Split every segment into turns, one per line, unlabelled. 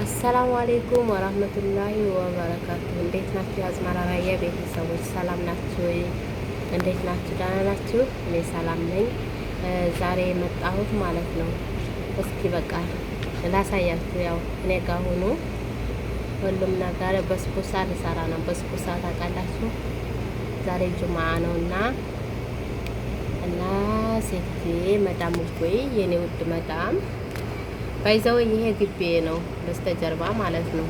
አሰላሙ አሌይኩም ወራህመቱላሂ ወበረካቱ። እንዴት ናችሁ? የአዝመራ ራያ ቤተሰቦች ሰላም ናችሁ? እንዴት ናችሁ? ደህና ናችሁ? እኔ ሰላም ነኝ። ዛሬ የመጣሁት ማለት ነው። እስኪ በቃ ላሳያችሁ። ያው እኔ ጋር ሆኖ ሁሉም ነገር በስቡሳ ልሰራ ነው። በስቡሳ ታውቃላችሁ፣ ዛሬ ጁማ ነው እና እና ሴትዬ መዳም ወይ የኔ ውድ መዳም ባይዘው ይሄ ግቤ ነው በስተጀርባ ማለት ነው።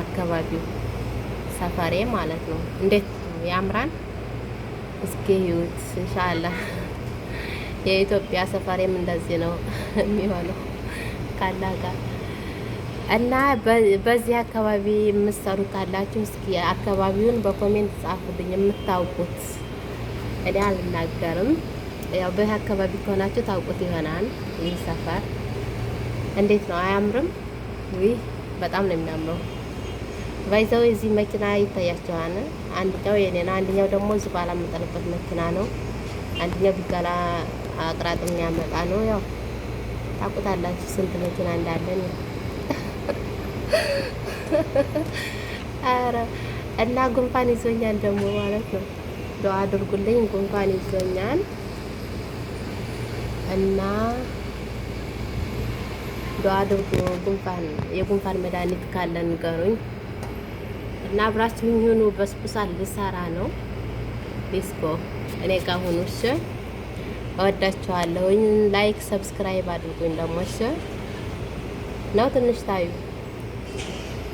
አካባቢው ሰፈሬ ማለት ነው። እንዴት ያምራን እስኪ እዩት። ኢንሻአላህ የኢትዮጵያ ሰፈሬም እንደዚህ ነው የሚሆነው ካላህ ጋር እና በዚህ አካባቢ የምትሰሩ ካላችሁ እስኪ አካባቢውን በኮሜንት ጻፉልኝ የምታውቁት። እኔ አልናገርም። ያው በህ አካባቢ ከሆናችሁ ታውቁት ይሆናል። ይህ ሰፈር እንዴት ነው? አያምርም? ይህ በጣም ነው የሚያምረው። ባይዘው የዚህ መኪና ይታያቸዋል። አንድኛው የኔ ነው፣ ደግሞ እዚህ ባላ መጠለበት መኪና ነው። አንድኛው ቢጋላ አቅራጥ የሚያመጣ ነው። ያው ታውቁታላችሁ ስንት መኪና እንዳለን ኧረ እና ጉንፋን ይዞኛል ደግሞ ማለት ነው። ዶ አድርጉልኝ፣ ጉንፋን ይዞኛል። እና ዱአ አድርጉ። ጉንፋን የጉንፋን መድኃኒት ካለ ንገሩኝ እና አብራችሁ ሁኑ። በስቡሳ ልሰራ ነው። ዲስኮ እኔ ጋር ሁኑ። እሺ፣ እወዳችኋለሁኝ። ላይክ ሰብስክራይብ አድርጉኝ ደግሞ እሺ። ነው ትንሽ ታዩ።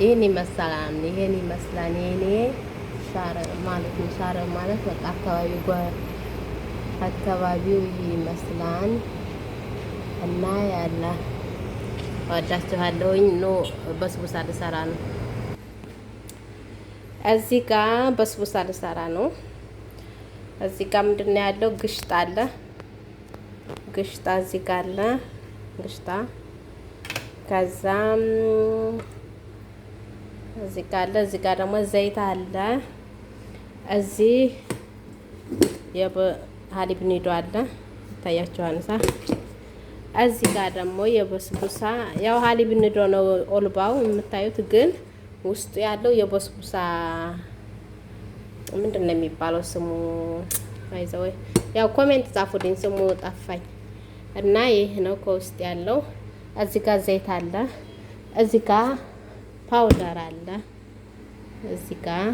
ይህን ይመስላል። ይህን ይመስላል። ይሄኔ ሻረ ማለት ነው። ሻረ ማለት በቃ አካባቢ አካባቢው ይመስላል እና ያለ ወዳችኋለሁኝ። ኖ በስቡሳ ልሰራ ነው። እዚህ ጋ በስቡሳ ልሰራ ነው። እዚህ ጋ ምንድነው ያለው? ግሽጣ አለ። ግሽጣ እዚህ ጋ አለ። ግሽጣ ከዛም እዚህ ጋ አለ። እዚህ ጋ ደግሞ ዘይት አለ። እዚህ የበ ሀሊብ ኒዶ አለ ይታያችኋል። ሳ እዚህ ጋር ደግሞ የበስቡሳ ያው ሀሊብ ኒዶ ነው ኦልባው የምታዩት፣ ግን ውስጡ ያለው የበስቡሳ ምንድን ነው የሚባለው ስሙ? አይዘው ያው ኮሜንት ጻፉልኝ፣ ስሙ ጠፋኝ እና ይህ ነው ከውስጥ ያለው። እዚህ ጋር ዘይት አለ፣ እዚህ ጋር ፓውደር አለ፣ እዚህ ጋር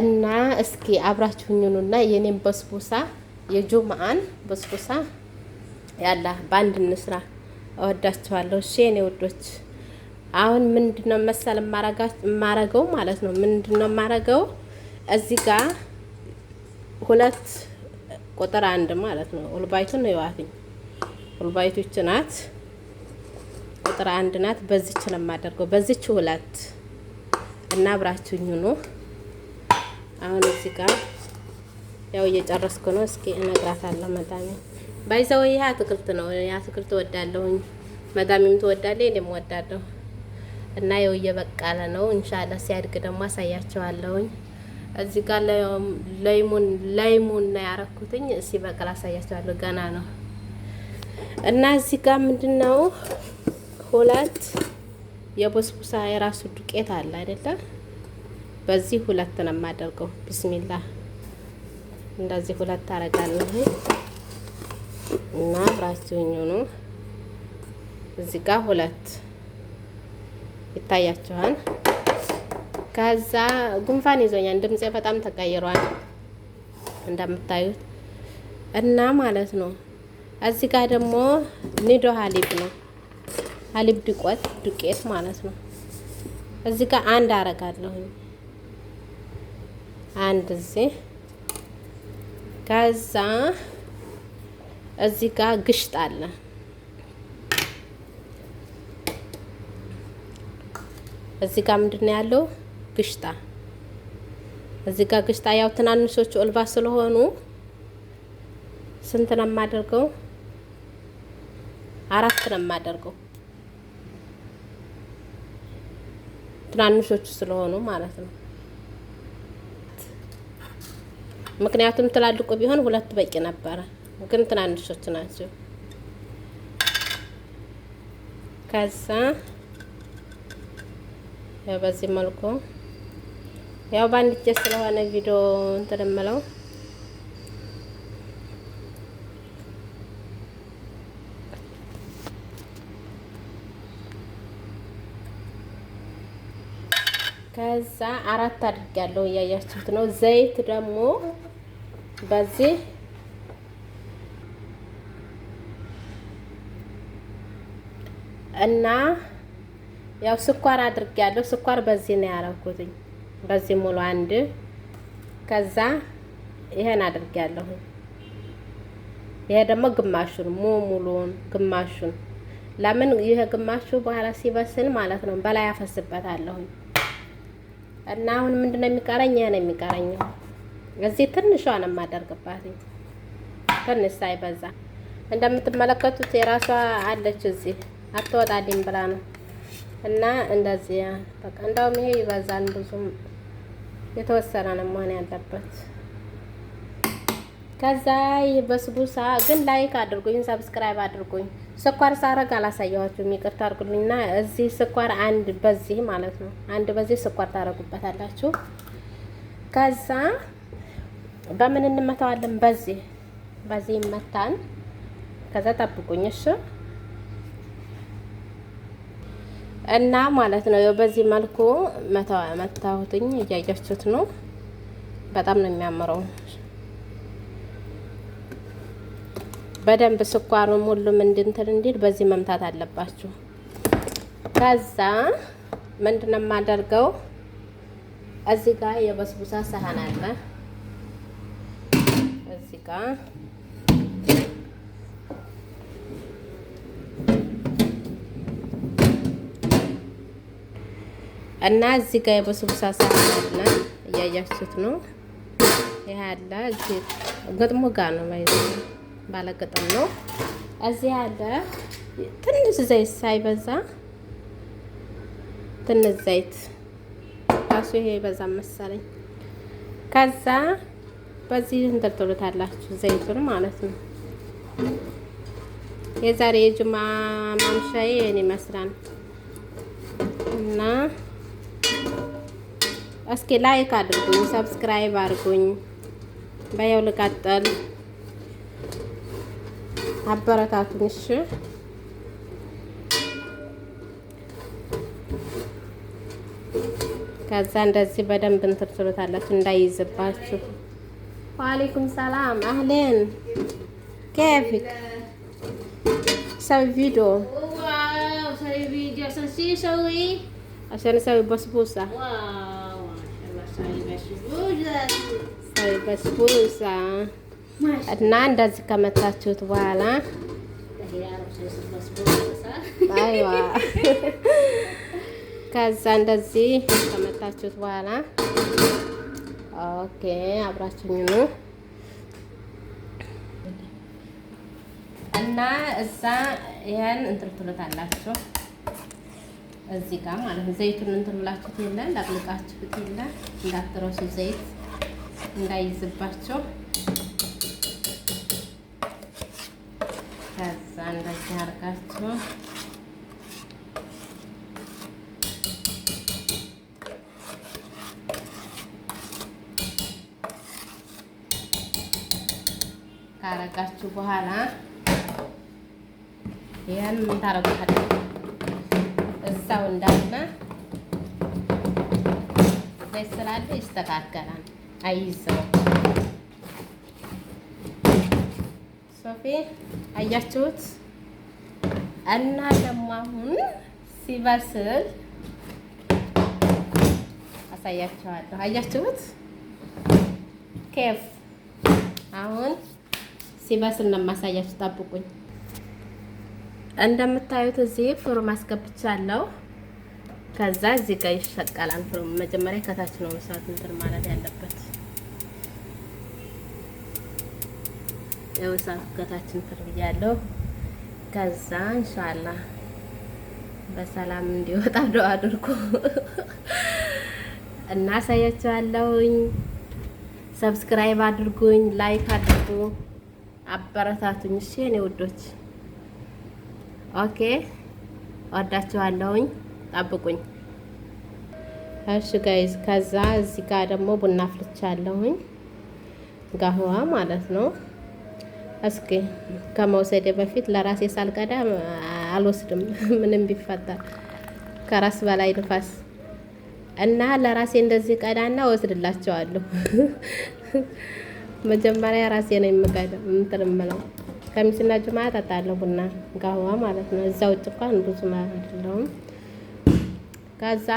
እና እስኪ አብራችሁኝኑና የኔን በስቡሳ የጁምአን በስቡሳ ያላ በአንድ እንስራ። እወዳችኋለሁ። እሺ የኔ ውዶች፣ አሁን ምንድነው መሰል የማረገው ማለት ነው። ምንድነው የማረገው እዚህ ጋ ሁለት ቁጥር አንድ ማለት ነው። ሁልባይቱን ነው የዋትኝ። ሁልባይቶች ናት ቁጥር አንድ ናት። በዚች ነው የማደርገው፣ በዚች ሁለት እና አብራችሁኝ ነው አሁን እዚህ ጋር ያው እየጨረስኩ ነው። እስኪ እነግራታለሁ መዳሜ። ባይዘው ይሄ አትክልት ነው። አትክልት ወዳለሁኝ መዳሜም ትወዳለ፣ እኔም ወዳለሁ እና ያው እየበቃለ ነው። እንሻላ ሲያድግ ደግሞ አሳያቸዋለሁኝ። እዚህ ጋር ለይሙን ለይሙን ነው ያረኩትኝ። ሲበቅል አሳያቸዋለሁ። ገና ነው እና እዚህ ጋር ምንድን ነው ሁለት የቦስቡሳ የራሱ ዱቄት አለ አይደለም በዚህ ሁለት ነው የማደርገው። ቢስሚላህ እንደዚህ ሁለት አረጋለሁ እና አብራችሁኝ ነው። እዚህ ጋር ሁለት ይታያችኋል። ከዛ ጉንፋን ይዞኛል፣ ድምጼ በጣም ተቀይሯል እንደምታዩት እና ማለት ነው። እዚህ ጋር ደግሞ ኒዶ ሀሊብ ነው፣ ሀሊብ ድቆት ዱቄት ማለት ነው። እዚህ ጋር አንድ አረጋለሁኝ። አንድ እዚህ ከዛ እዚህ ጋር ግሽጥ አለ። እዚህ ጋር ምንድን ነው ያለው? ግሽጣ እዚህ ጋር ግሽጣ። ያው ትናንሾቹ እልባ ስለሆኑ ስንት ነው የማደርገው? አራት ነው የማደርገው ትናንሾቹ ስለሆኑ ማለት ነው። ምክንያቱም ትላልቁ ቢሆን ሁለት በቂ ነበረ፣ ግን ትናንሾች ናቸው። ከዛ ያው በዚህ መልኩ ያው በአንድ እጄ ስለሆነ ቪዲዮ እንትን የምለው ከዛ አራት አድርጌያለሁ እያያችሁት ነው። ዘይት ደግሞ በዚህ እና ያው ስኳር አድርጌያለሁ። ስኳር በዚህ ነው ያደረኩትኝ። በዚህ ሙሉ አንድ ከዛ ይሄን አድርጌያለሁ። ይሄ ደግሞ ግማሹን ሙ ሙሉውን ግማሹን ለምን ይሄ ግማሹ በኋላ ሲበስል ማለት ነው በላይ አፈስበታለሁ እና አሁን ምንድነው የሚቀረኝ? ይሄ ነው የሚቀረኝ። እዚህ ትንሿን የማደርግባት ትንሽ ሳይበዛ እንደምትመለከቱት የራሷ አለች። እዚህ አትወጣልኝ ብላ ነው እና እንደዚህ በቃ እንደውም ይሄ ይበዛል፣ ብዙም የተወሰነ ነው መሆን ያለበት። ከዛ ይህ በስቡሳ ግን ላይክ አድርጉኝ፣ ሰብስክራይብ አድርጉኝ። ስኳር ሳረግ አላሳየኋችሁም ይቅርታ አድርጉልኝና እዚህ ስኳር አንድ በዚህ ማለት ነው አንድ በዚህ ስኳር ታረጉበታላችሁ ከዛ በምን እንመታዋለን? በዚህ በዚህ ይመታን። ከዛ ጠብቁኝ እሺ። እና ማለት ነው በዚህ መልኩ መታሁትኝ። እያያችሁት ነው። በጣም ነው የሚያምረው። በደንብ ስኳሩም ሁሉም እንድንትን እንዲል በዚህ መምታት አለባችሁ። ከዛ ምንድነው የማደርገው እዚህ ጋር የበስቡሳ ሰሃን አለ በቃ እና እዚህ ጋር የበሶብሳ ሳህን አለ፣ እያያችሁት ነው። ይሄ አለ ገጥሞ ጋር ነው ማለት ነው፣ ባለገጠም ነው። እዚህ አለ ትንሽ ዘይት ሳይበዛ ትንሽ ዘይት ራሱ ይሄ ይበዛ መሰለኝ። ከዛ በዚህ እንደርትሎታላችሁ ዘይቱን ማለት ነው። የዛሬ የጁማ ማምሻዬ ይህን ይመስላል እና እስኪ ላይክ አድርጉኝ፣ ሰብስክራይብ አድርጉኝ። በየው ልቀጥል፣ አበረታቱኝ። እሺ ከዛ እንደዚህ በደንብ እንትርትሎታላችሁ እንዳይይዝባችሁ وعليكم السلام اهلا كيفك؟ سوي فيديو واو سوي فيديو عشان شو يسوي؟ عشان اسوي بسبوسه واو ما شاء الله سوي بسبوسه سوي بسبوسه ما بسبوسة عدنان دازك ما تاتشوت والا አይዋ ከዛ كما ከመታችሁት በኋላ ኦኬ፣ አብራችኝ ነው እና እዛ ይሄን እንትን ትሉታላችሁ እዚህ ጋር ማለት ነው። ዘይቱን እንትን ብላችሁት የለ እንዳጥልቃችሁት የለ እንዳትረሱ፣ ዘይት እንዳይዝባችሁ። ከዛ እንደዚህ አድርጋችሁ ካረጋችሁ በኋላ ይህን እንታረጉታለ እዛው እንዳለ ስላለ ይስተካከላል፣ አይይዘው ሶፊ አያችሁት። እና ደግሞ አሁን ሲበስል አሳያችኋለሁ። አያችሁት ኬፍ አሁን ሲበስል ነው የማሳያችሁ። ጠብቁኝ። እንደምታዩት እዚህ ፍሩም አስገብቻለሁ። ከዛ እዚህ ጋር ይሸቀላል ፍሩም። መጀመሪያ ከታች ነው መስራት እንትን ማለት ያለበት። የውሳት ከታች እንትን ብያለሁ። ከዛ ኢንሻአላህ በሰላም እንዲወጣ ዶ አድርጉ እና አሳያችኋለሁኝ። ሰብስክራይብ አድርጉኝ፣ ላይክ አድርጉ። አበረታቱኝ። እሺ የኔ ውዶች፣ ኦኬ፣ ወዳችኋለሁኝ። ጠብቁኝ። እሺ ጋይዝ፣ ከዛ እዚህ ጋር ደግሞ ቡና አፍልቻለሁኝ፣ ጋህዋ ማለት ነው። እስኪ ከመውሰዴ በፊት ለራሴ ሳልቀዳ አልወስድም፣ ምንም ቢፈጠር ከራስ በላይ ንፋስ እና ለራሴ እንደዚህ ቀዳና ወስድላቸዋለሁ። መጀመሪያ ራሴ ነው የምቀደም እንትን የምለው ከሚስና ጅማ ጠጣለሁ። ቡና ጋዋ ማለት ነው። እዛ ውጭ እንኳን ብዙ አይደለሁም። ከዛ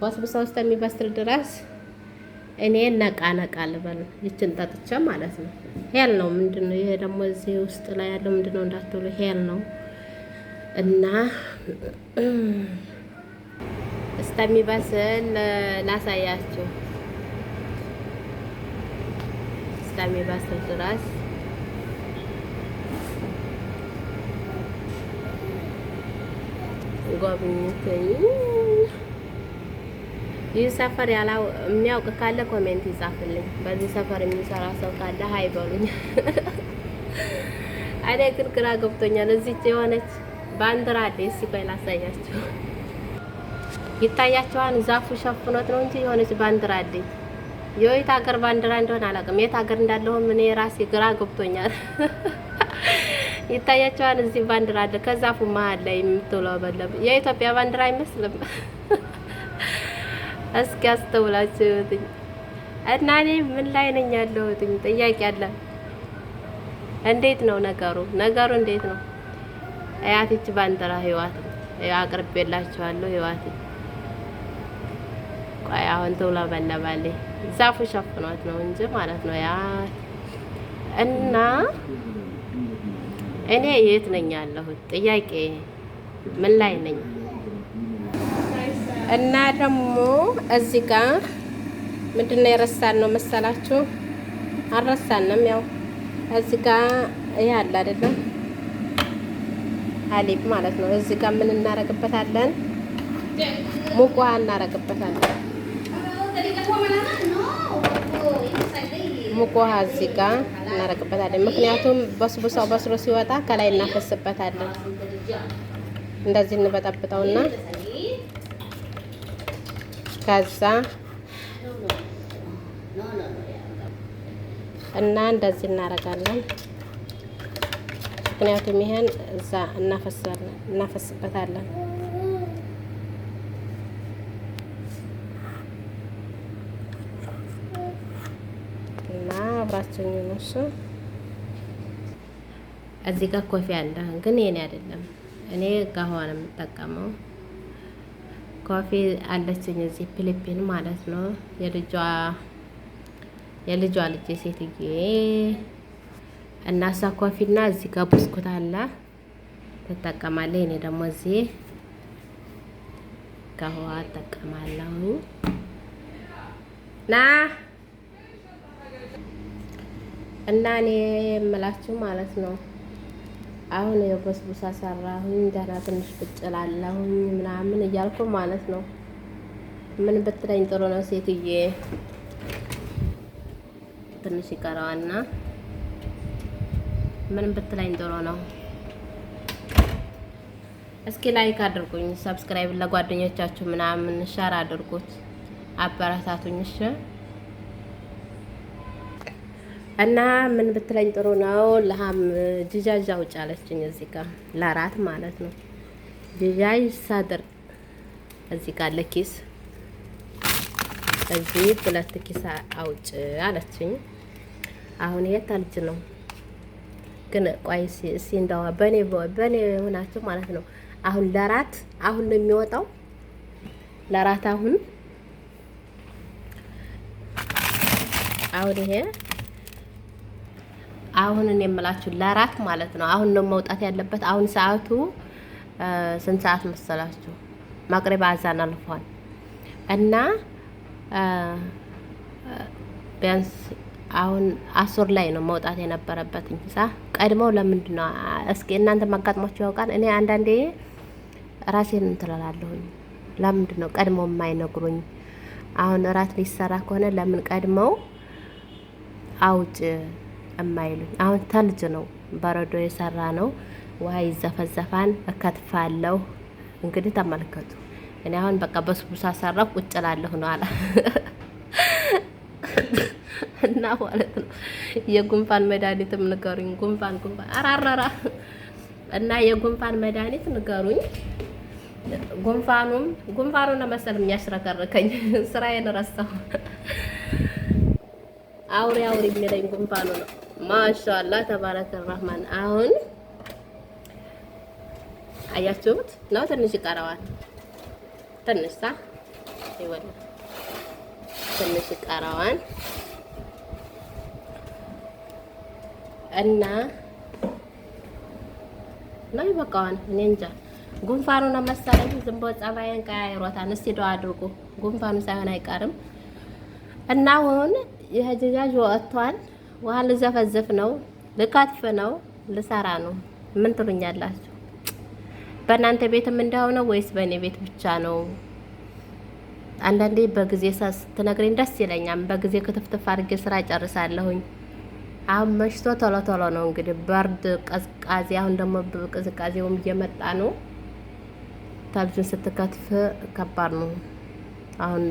በስብሰ ውስጥ የሚበስል ድረስ እኔ ነቃ ነቃ ልበል ይችን ጠጥቼ ማለት ነው። ሄል ነው ምንድን ነው ይሄ ደግሞ እዚህ ውስጥ ላይ ያለው ምንድን ነው እንዳትሉ፣ ሄል ነው እና እስከሚበስል ላሳያችሁ። እስከ ባሰብ ድረስ ጎብኝተኝ። ይህ ሰፈር የሚያውቅ ካለ ኮሜንት ይጻፍልኝ። በዚህ ሰፈር የሚሰራ ሰው ካለ ሀይ በሉኝ። እኔ ግን ግራ ገብቶኛል። እዚች የሆነች ባንዲራ አለ። እስኪ ቆይ ላሳያቸው። ይታያቸዋል። ዛፉ ሸፍኖት ነው እንጂ የሆነች ባንዲራ አለች። የወይት ሀገር ባንዲራ እንደሆነ አላውቅም። የት ሀገር እንዳለሁም እኔ ራሴ ግራ ገብቶኛል። ይታያቸዋል። እዚህ ባንዲራ አለ፣ ከዛፉ መሀል ላይ የምትውለበለብ የኢትዮጵያ ባንዲራ አይመስልም። እስኪ አስተውላችሁት እና እኔ ምን ላይ ነኝ ያለሁት ጥያቄ አለ። እንዴት ነው ነገሩ? ነገሩ እንዴት ነው? አያትች ባንዲራ ህይወት አቅርቤላችኋለሁ። ህይወት ቆይ አሁን ትውለበለባለች ዛፉ ሸፍኗት ነው እንጂ ማለት ነው ያ እና እኔ የት ነኝ ያለሁት? ጥያቄ ምን ላይ ነኝ? እና ደግሞ እዚህ ጋር ምንድነው የረሳን ነው መሰላችሁ? አልረሳንም። ያው እዚህ ጋር ይህ አለ አይደለም? ሀሊብ ማለት ነው። እዚህ ጋር ምን እናረግበታለን? ሙቋ እናረግበታለን። ሙቆሃ እዚህ ጋር እናደርግበታለን። ምክንያቱም በስቡሳው በስሎ ሲወጣ ከላይ እናፈስበታለን። እንደዚህ እንበጠብጠውና ከዛ እና እንደዚህ እናደርጋለን። ምክንያቱም ይሄን እዛ እናፈስበታለን። ያዘኝ ነው እሱ። እዚህ ጋር ኮፊ አለ፣ ግን የኔ አይደለም። እኔ ጋህዋ ነው የምጠቀመው። ኮፊ አለችኝ እዚህ ፊሊፒን ማለት ነው። የልጇ የልጇ ልጅ ሴትዬ እና እሷ እዚህ ጋር ብስኩት አለ እኔ ደግሞ እዚህ እጠቀማለሁ ና እና እኔ የምላችሁ ማለት ነው አሁን የበስቡሳ ሰራሁኝ ደህና ትንሽ ብጭላለሁኝ ምናምን እያልኩ ማለት ነው። ምን ብትለኝ ጥሩ ነው ሴትዬ፣ ትንሽ ይቀረዋና ምን ብትለኝ ጥሩ ነው? እስኪ ላይክ አድርጉኝ፣ ሰብስክራይብ ለጓደኞቻችሁ ምናምን ሸር አድርጉት፣ አበረታቱኝ። እሺ እና ምን ብትለኝ ጥሩ ነው ለሀም ጅጃጅ አውጭ አለችኝ። እዚህ ጋር ለአራት ማለት ነው። ጅጃጅ ሳድር እዚህ ጋር ለኪስ እዚህ ሁለት ኪስ አውጭ አለችኝ። አሁን ይሄ ታልጅ ነው ግን ቆይ እስኪ እንደዋ በኔ በኔ ሆናችሁ ማለት ነው። አሁን ለአራት አሁን ነው የሚወጣው ለራት አሁን አሁን ይሄ አሁን እኔ የምላችሁ ለራት ማለት ነው። አሁን ነው መውጣት ያለበት። አሁን ሰዓቱ ስንት ሰዓት መሰላችሁ? ማቅረብ አዛን አልፏል እና ቢያንስ አሁን አስር ላይ ነው መውጣት የነበረበት እንሳ ቀድመው ለምንድን ነው እስኪ እናንተ ማጋጥሟችሁ ያውቃል? እኔ አንዳንዴ ራሴን እንትላላለሁኝ። ለምንድን ነው ቀድመው የማይነግሩኝ? አሁን እራት ሊሰራ ከሆነ ለምን ቀድመው አውጭ እማይሉኝ። አሁን ተልጅ ነው በረዶ የሰራ ነው። ውሃ ይዘፈዘፋን እከትፋለሁ። እንግዲህ ተመልከቱ። እኔ አሁን በቃ በስቡሳ ሰራፍ ቁጭ እላለሁ ነው አላ እና ማለት ነው የጉንፋን መድኃኒትም ንገሩኝ። ጉንፋን ጉንፋን አራራራ እና የጉንፋን መድኃኒት ንገሩኝ። ጉንፋኑም ጉንፋኑን ለመሰል የሚያሽረከርከኝ ስራዬን ረሳሁ። አውሪ አውሪ የሚለኝ ጉንፋኑ ነው። ማሻላ ተባረከ ረህማን። አሁን አያችሁት ነው፣ ትንሽ ይቀረዋል። ትንሽ ሳ ይወል ትንሽ ይቀረዋል እና ላይ ይበቃዋል። እኔ እንጃ ጉንፋኑ ነው መሰለኝ። ዝም ብሎ ጸባይን ቀያይሮታል። እስቲ ዶ አድርጉ፣ ጉንፋኑ ሳይሆን አይቀርም። እና አሁን የህጅጃጅ ወጥቷል። ውሃ ልዘፈዘፍ ነው፣ ልካትፍ ነው፣ ልሰራ ነው። ምን ትሉኛላችሁ? በእናንተ ቤትም ነው ወይስ በእኔ ቤት ብቻ ነው? አንዳንዴ በጊዜ ስትነግረኝ ደስ ይለኛል። በጊዜ ክትፍትፍ አድርጌ ስራ ጨርሳለሁኝ። አሁን መሽቶ ቶሎ ቶሎ ነው እንግዲህ በርድ ቀዝቃዜ፣ አሁን ደግሞ ቅዝቃዜውም እየመጣ ነው። ታብዙን ስትከትፍ ከባድ ነው። አሁን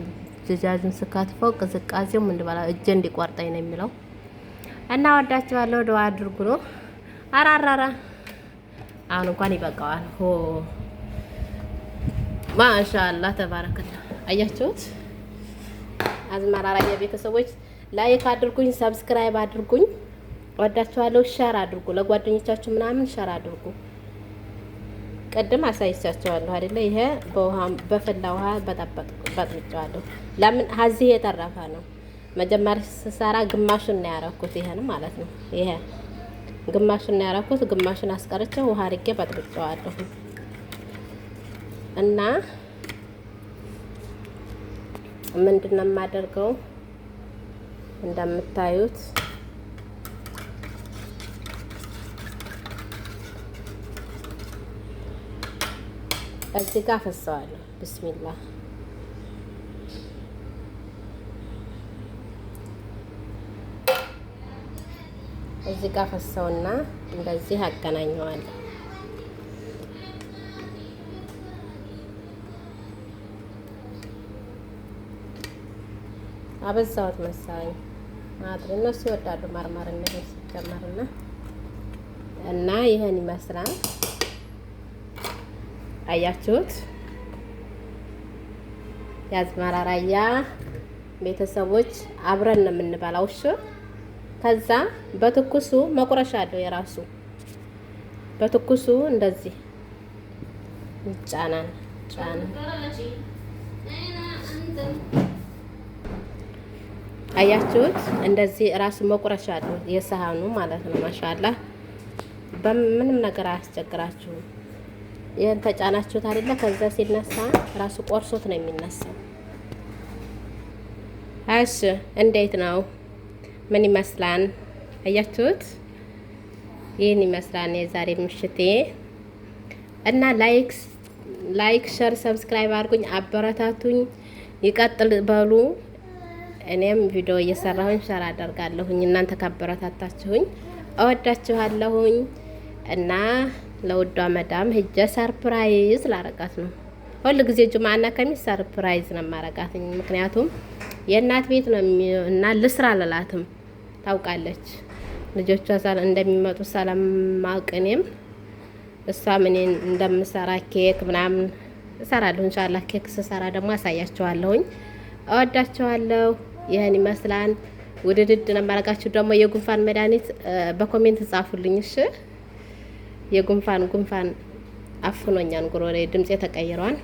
ጅጃጁን ስከትፈው ቅዝቃዜውም እንድበላ እጄ እንዲቆርጠኝ ነው የሚለው እና ወዳችኋለሁ። ደው አድርጉ ነው። አራራራ አሁን እንኳን ይበቃዋል። ሆ ማሻአላ ተባረከላ። አያችሁት አዝመራ ራያ ቤተሰቦች ላይክ አድርጉኝ፣ ሰብስክራይብ አድርጉኝ። ወዳችኋለሁ። ሸር አድርጉ ለጓደኞቻችሁ ምናምን ሸር አድርጉ። ቅድም አሳይቻቸዋለሁ አይደለ? ይሄ በውሃ በፈላ ውሃ በጣበጥ በጥብጫዋለሁ። ለምን ሀዚህ የተረፈ ነው። መጀመሪያ ስሰራ ግማሹን ነው ያረኩት። ይሄን ማለት ነው። ይሄ ግማሹን ነው ያረኩት። ግማሹን አስቀርቼ ውሃ አድርጌ በጥብጨዋለሁ እና ምንድን ነው የማደርገው እንደምታዩት እዚህ ጋር ፈሰዋለሁ። ብስሚላህ እዚህ ጋር ፈሰውና እንደዚህ አገናኘዋለሁ። አበዛሁት መሰለኝ ማድረግ እነሱ ይወዳሉ ማርማር ነገር ሲጀመርና እና ይህን ይመስላል። አያችሁት? የአዝመራ ራያ ቤተሰቦች አብረን ነው የምንበላው። እሺ ከዛ በትኩሱ መቁረሻ አለው የራሱ በትኩሱ እንደዚህ ይጫናል። ጫና አያችሁት? እንደዚህ ራሱ መቁረሻ አለው የሰሃኑ ማለት ነው። ማሻላ በምንም ነገር አያስቸግራችሁም። ይህን ተጫናችሁት አይደለ? ከዛ ሲነሳ ራሱ ቆርሶት ነው የሚነሳው። እሺ እንዴት ነው? ምን ይመስላል? አያችሁት? ይህን ይመስላል የዛሬ ምሽቴ እና ላይክ ላይክ ሸር ሰብስክራይብ አድርጉኝ፣ አበረታቱኝ፣ ይቀጥል በሉ። እኔም ቪዲዮ እየሰራሁኝ ሸር አደርጋለሁኝ። እናንተ ካበረታታችሁኝ እወዳችኋለሁኝ። እና ለውዷ መዳም ሂጄ ሰርፕራይዝ ላረጋት ነው። ሁል ጊዜ ጁማና ከሚስ ሰርፕራይዝ ነው ማረጋት። ምክንያቱም የእናት ቤት ነው እና ልስራ አልላትም። ታውቃለች ልጆቿ እንደሚመጡ ስለማውቅ እኔም እሷ ምን እንደምሰራ ኬክ ምናምን እሰራለሁ። እንሻላ ኬክ ስሰራ ደግሞ አሳያቸዋለሁኝ። እወዳቸዋለሁ። ይህን ይመስላል። ውድድድ ነው ማረጋችሁ። ደግሞ የጉንፋን መድኃኒት በኮሜንት ጻፉልኝ እሺ። የጉንፋን ጉንፋን አፍኖኛን ጉሮሬ ድምፄ ተቀይሯል።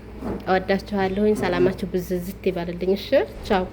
እወዳችኋለሁኝ። ሰላማችሁ ብዝዝት ይባልልኝ። እሺ ቻው